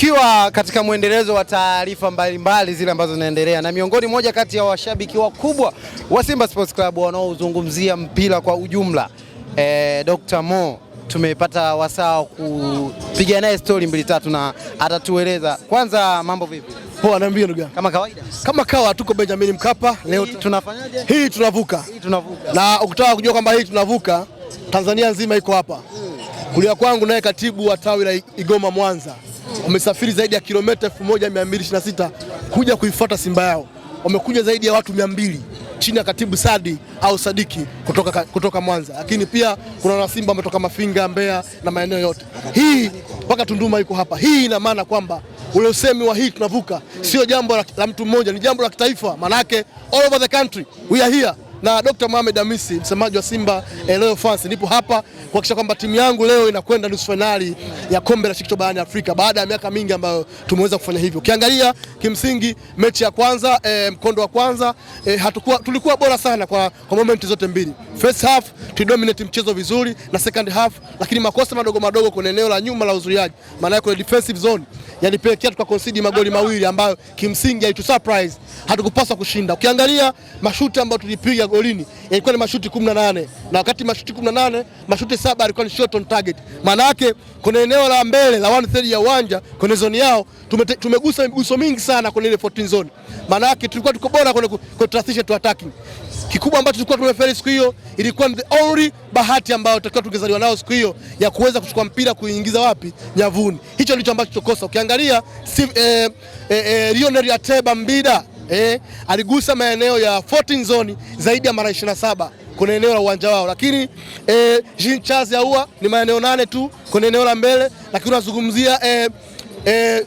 Tukiwa katika mwendelezo wa taarifa mbalimbali zile ambazo zinaendelea, na miongoni moja kati ya washabiki wakubwa wa Simba Sports Club wanaozungumzia mpira kwa ujumla e, eh, Dr. Mo tumepata wasaa kupiga naye stori mbili tatu, na atatueleza kwanza. Mambo vipi? Poa, niambie ndugu. Kama kawaida, kama kawa tuko Benjamin Mkapa leo. Tunafanyaje hii? Tunavuka hii, tunavuka. Na ukitaka kujua kwamba hii tunavuka, Tanzania nzima iko hapa. Hmm. Kulia kwangu naye katibu wa tawi la Igoma Mwanza wamesafiri zaidi ya kilomita 1226 kuja kuifuata Simba yao. Wamekuja zaidi ya watu 200 chini ya katibu Sadi au Sadiki kutoka, kutoka Mwanza, lakini pia kuna wanasimba wametoka Mafinga, Mbeya na maeneo yote, hii mpaka Tunduma iko hapa. Hii ina maana kwamba ule usemi wa hii tunavuka sio jambo la, la mtu mmoja, ni jambo la kitaifa, maanake all over the country we are here na Dr. Mohamed Hamisi, msemaji wa Simba eh, leo fans, nipo hapa kuhakikisha kwamba timu yangu leo inakwenda nusu fainali ya kombe la shirikisho barani Afrika baada ya miaka mingi ambayo tumeweza kufanya hivyo. Ukiangalia kimsingi mechi ya kwanza e, mkondo wa kwanza e, hatukuwa, tulikuwa bora sana kwa, kwa momenti zote mbili. First half tulidominate mchezo vizuri na second half, lakini makosa madogo madogo kwenye eneo la nyuma la uzuriaji maana yake kwenye defensive zone yalipelekea tukakonsidi magoli mawili ambayo kimsingi haitu surprise, hatukupaswa kushinda. Ukiangalia mashuti ambayo tulipiga golini yalikuwa ni mashuti 18 na wakati mashuti 18 mashuti saba yalikuwa ni shot on target. Maana yake kuna eneo la mbele la one third ya uwanja kwenye zone yao tumete, tumegusa miguso mingi sana kwenye ile 14 zone. Maana yake tulikuwa tuko bora kwenye kutathrisha tu attacking Kikubwa ambacho tulikuwa tumefeli siku hiyo ilikuwa the only bahati ambayo tutakiwa tungezaliwa nayo siku hiyo ya kuweza kuchukua mpira kuingiza wapi nyavuni. Hicho ndicho ambacho tukosa. Ukiangalia si, eh, eh, eh, Lionel Ateba Mbida eh, aligusa maeneo ya 14 zone zaidi ya mara 27 kwenye eneo la uwanja wao, lakini eh, Jean Charles Ahoua ni maeneo nane tu kwenye eneo la mbele, lakini unazungumzia eh, eh,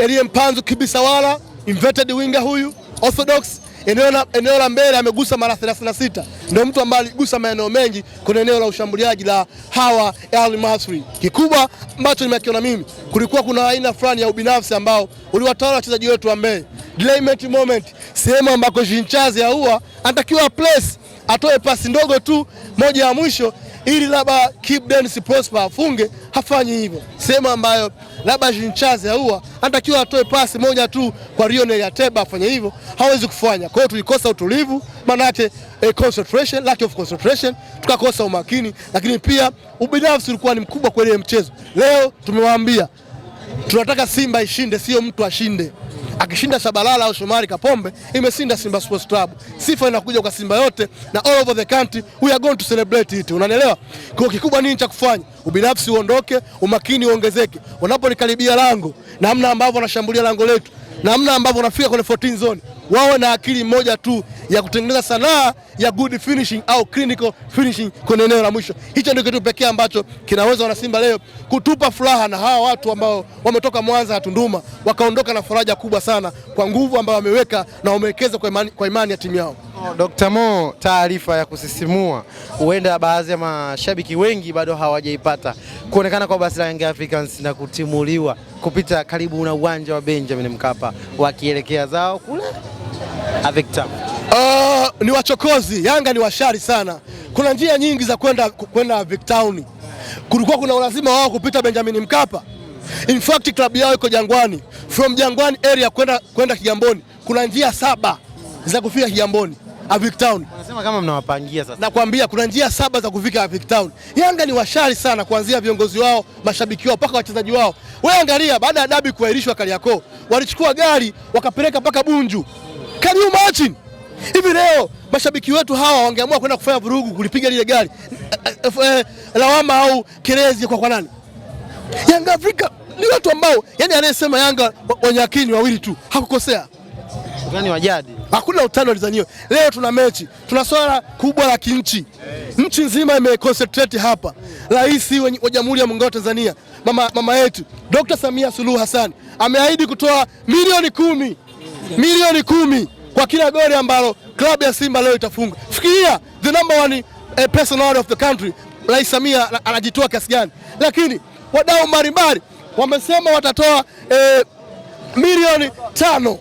Elie Mpanzu Kibisawala inverted winger huyu orthodox eneo la, eneo la mbele amegusa mara 36. Ndio mtu ambaye aligusa maeneo mengi kwenye eneo la ushambuliaji la hawa Al Masry. Kikubwa ambacho nimekiona mimi, kulikuwa kuna aina fulani ya ubinafsi ambao uliwatawala wachezaji wetu wa mbele. Delayment moment, sehemu ambako Shinchazi aua anatakiwa place atoe pasi ndogo tu moja ya mwisho ili labda Kip Dennis Prosper afunge, hafanyi hivyo, sehemu ambayo labda Jinchaze aua, anatakiwa atoe pasi moja tu kwa Lionel Ateba afanye hivyo, hawezi kufanya. Kwa hiyo tulikosa utulivu, maana yake eh, concentration, lack of concentration, tukakosa umakini, lakini pia ubinafsi ulikuwa ni mkubwa kwa ile mchezo. Leo tumewaambia tunataka Simba ishinde, sio mtu ashinde akishinda Shabalala au Shomari Kapombe, imeshinda Simba Sports Club. Sifa inakuja kwa Simba yote na all over the country, we are going to celebrate it. Unanielewa? Kwa kikubwa nini cha kufanya, ubinafsi uondoke, umakini uongezeke, unaponikaribia lango, namna ambavyo wanashambulia lango letu namna ambavyo wanafika kwenye 14 zone, wawe na akili moja tu ya kutengeneza sanaa ya good finishing au clinical finishing kwenye eneo la mwisho. Hicho ndio kitu pekee ambacho kinaweza wanasimba leo kutupa furaha, na hawa watu ambao wametoka Mwanza na Tunduma wakaondoka na faraja kubwa sana kwa nguvu ambayo wameweka na wamewekeza kwa imani, kwa imani ya timu yao. Oh, Dr. Mo, taarifa ya kusisimua, huenda baadhi ya mashabiki wengi bado hawajaipata, kuonekana kwa basi la Young Africans na kutimuliwa kupita karibu na uwanja wa Benjamin Mkapa wakielekea zao kule Avecta. Uh, ni wachokozi Yanga ni washari sana. Kuna njia nyingi za kwenda kwenda Avectown. Kulikuwa kuna ulazima wao kupita Benjamin Mkapa. In fact klabu yao iko Jangwani, from Jangwani area kwenda kwenda Kigamboni kuna njia saba za kufika Kigamboni. Avic Town. Wanasema kama mnawapangia sasa. Nakwambia kuna njia saba za kufika Avic Town. Yanga ni washari sana kuanzia viongozi wao, mashabiki wao mpaka wachezaji wao. Wewe angalia baada ya dabi kuahirishwa Kariakoo, walichukua gari wakapeleka mpaka Bunju. Can you imagine? Hivi leo mashabiki wetu hawa wangeamua kwenda kufanya vurugu kulipiga lile gari. Eh, eh, eh, lawama au kerezi kwa kwa nani? Yanga Afrika ni watu ambao yani anayesema Yanga wanyakini wawili tu hakukosea. Gani wajadi? hakuna utani wa Tanzania. Leo tuna mechi, tuna swala kubwa la kinchi, nchi nzima imeconcentrate hapa. Rais wa Jamhuri ya Muungano wa Tanzania, mama, mama yetu Dr. Samia Suluhu Hassan ameahidi kutoa milioni kumi milioni kumi kwa kila goli ambalo klabu ya Simba leo itafunga. Fikiria the number one eh, personality of the country, Rais Samia anajitoa kiasi gani, lakini wadau mbalimbali wamesema watatoa eh, milioni tano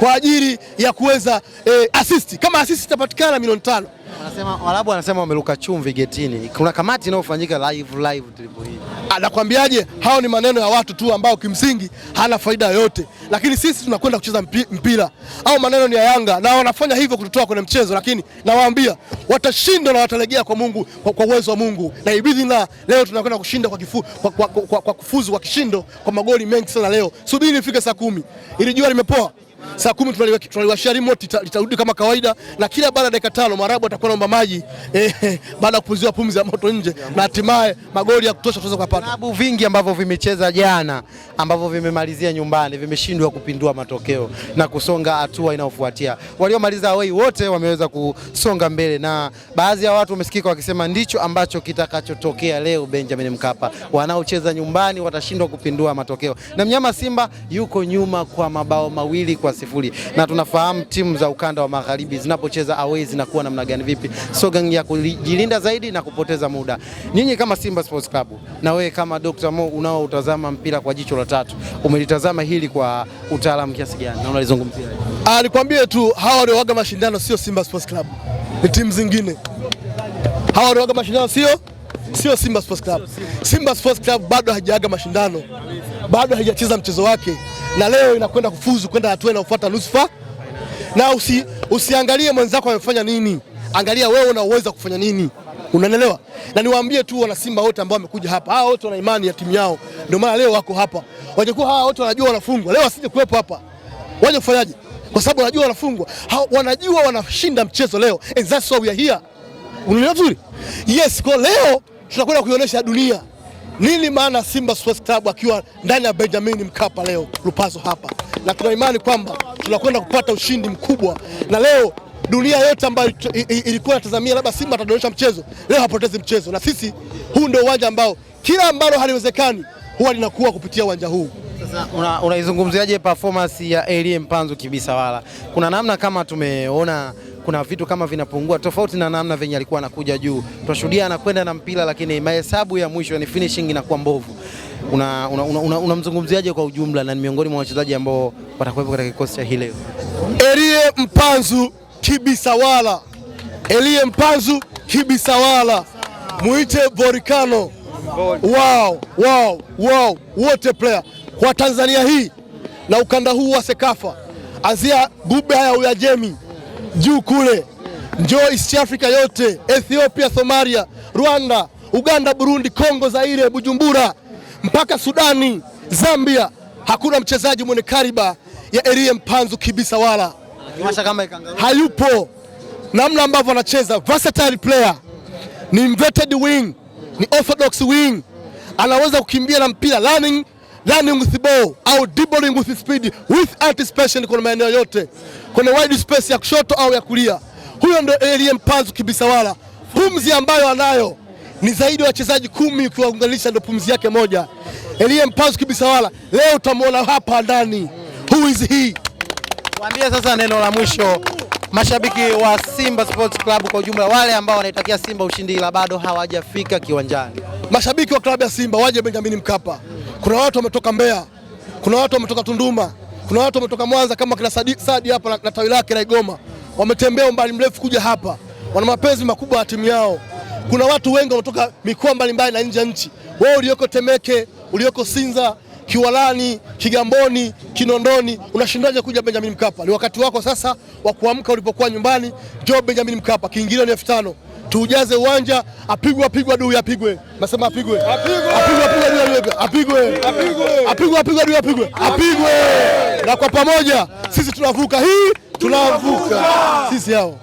kwa ajili ya kuweza e, assist. Kama assist itapatikana milioni tano. Wanasema Waarabu wanasema wameruka chumvi getini. Kuna kamati inayofanyika live live tulipo hii. Anakuambiaje? Hao ni maneno ya watu tu ambao kimsingi hana faida yoyote, lakini sisi tunakwenda kucheza mpira. Au maneno ni ya Yanga na wanafanya hivyo kututoa kwenye mchezo, lakini nawaambia watashindwa na watalegea kwa Mungu, kwa uwezo wa Mungu na ibidhi. Na leo tunakwenda kushinda kwa, kifu, kwa, kwa, kwa, kwa, kwa kufuzu kwa kishindo kwa magoli mengi sana leo. Subiri ifike saa kumi ili jua limepoa. Saa kumi tunaliwashia remote litarudi kama kawaida, na kila baada ya dakika tano Marabu atakuwa naomba maji eh, baada ya kupuziwa pumzi ya moto nje, na hatimaye magoli ya kutosha tutaweza kupata. Vilabu vingi ambavyo vimecheza jana ambavyo vimemalizia nyumbani vimeshindwa kupindua matokeo na kusonga hatua inayofuatia. Waliomaliza away wote wameweza kusonga mbele, na baadhi ya watu wamesikika wakisema ndicho ambacho kitakachotokea leo Benjamin Mkapa. Wanaocheza nyumbani watashindwa kupindua matokeo, na mnyama Simba yuko nyuma kwa mabao mawili kwa kwa sifuri, na tunafahamu timu za ukanda wa magharibi zinapocheza away zinakuwa namna gani, vipi soga ya kujilinda zaidi na kupoteza muda. Nyinyi kama Simba Sports Club na wewe kama Dr. Mo unaotazama mpira kwa jicho la tatu, umelitazama hili kwa utaalamu kiasi gani na unalizungumzia? Ah, nikwambie tu hawa ndio waga mashindano, sio Simba Sports Club, ni timu zingine. Hawa ndio waga mashindano, sio sio Simba Sports Club. Simba Sports Club bado hajaaga mashindano, bado haijacheza mchezo wake na leo inakwenda kufuzu kwenda hatua inayofuata nusu fainali. Na usi, usiangalie mwenzako amefanya nini, angalia wewe una uwezo wa kufanya nini, unanielewa? Na niwaambie tu wana Simba wote ambao wamekuja hapa, hawa wote wana imani ya timu yao, ndio maana leo wako hapa. Wajakuwa hawa wote wanajua wanafungwa, leo wasije kuwepo hapa, waje kufanyaje? Kwa sababu wanajua wanafungwa, wanajua wanashinda mchezo leo, and that's why we are here. Unanielewa vizuri? Yes, kwa leo tunakwenda kuionyesha dunia nini maana Simba Sports Club akiwa ndani ya Benjamin Mkapa leo lupazo hapa, na tuna imani kwamba tunakwenda kupata ushindi mkubwa, na leo dunia yote ambayo ilikuwa inatazamia labda Simba atadondosha mchezo leo, hapotezi mchezo. Na sisi huu ndio uwanja ambao kila ambalo haliwezekani huwa linakuwa kupitia uwanja huu. Sasa unaizungumziaje una performance ya Elie Mpanzu kibisa wala kuna namna kama tumeona kuna vitu kama vinapungua, tofauti na namna venye alikuwa anakuja juu. Tunashuhudia anakwenda na mpira, lakini mahesabu ya mwisho, ni finishing inakuwa mbovu. Unamzungumziaje una, una, una kwa ujumla, na ni miongoni mwa wachezaji ambao watakuwepo katika kikosi cha hii leo? Elie Mpanzu kibisawala, Elie Mpanzu kibisawala, muite Volcano. Wow, wow, wow, wote player kwa Tanzania hii na ukanda huu wa Sekafa, anzia gube haya uyajemi juu kule, njoo East Africa yote, Ethiopia, Somalia, Rwanda, Uganda, Burundi, Kongo, Zaire, Bujumbura mpaka Sudani, Zambia, hakuna mchezaji mwenye kariba ya Elie Mpanzu kibisa, wala hayupo. Namna ambavyo anacheza versatile player, ni inverted wing, ni orthodox wing, anaweza kukimbia na mpira running, running with ball au dribbling with speed with anticipation, kwa maeneo yote kwenye wide space ya kushoto au ya kulia. Huyo ndo Elie Mpanzu kibisawala. Pumzi ambayo anayo ni zaidi ya wachezaji kumi, ukiwaunganisha ndo pumzi yake moja. Elie Mpanzu kibisawala leo utamwona hapa ndani. Who is he? Waambie sasa neno la mwisho mashabiki wa Simba Sports Club kwa ujumla, wale ambao wanaitakia Simba ushindi ila bado hawajafika kiwanjani. Mashabiki wa klabu ya Simba waje Benjamin Mkapa. Kuna watu wametoka Mbeya, kuna watu wametoka Tunduma, kuna watu wametoka Mwanza kama kina Sadi hapa na tawi lake la Igoma, wametembea umbali mrefu kuja hapa, wana mapenzi makubwa ya timu yao. Kuna watu wengi wametoka mikoa mbalimbali na nje ya nchi, wewe ulioko Temeke, ulioko Sinza, Kiwalani, Kigamboni, Kinondoni, unashindaje kuja Benjamin Mkapa? Ni wakati wako sasa wa kuamka. Ulipokuwa nyumbani, njoo Benjamin Mkapa, kiingilio ni elfu tano tuujaze uwanja, apigwe apigwe, adui apigwe, nasema apigwe apigwe, apigwe apigwe, adui apigwe, apigwe, na kwa pamoja sisi tunavuka hii, tunavuka sisi hao.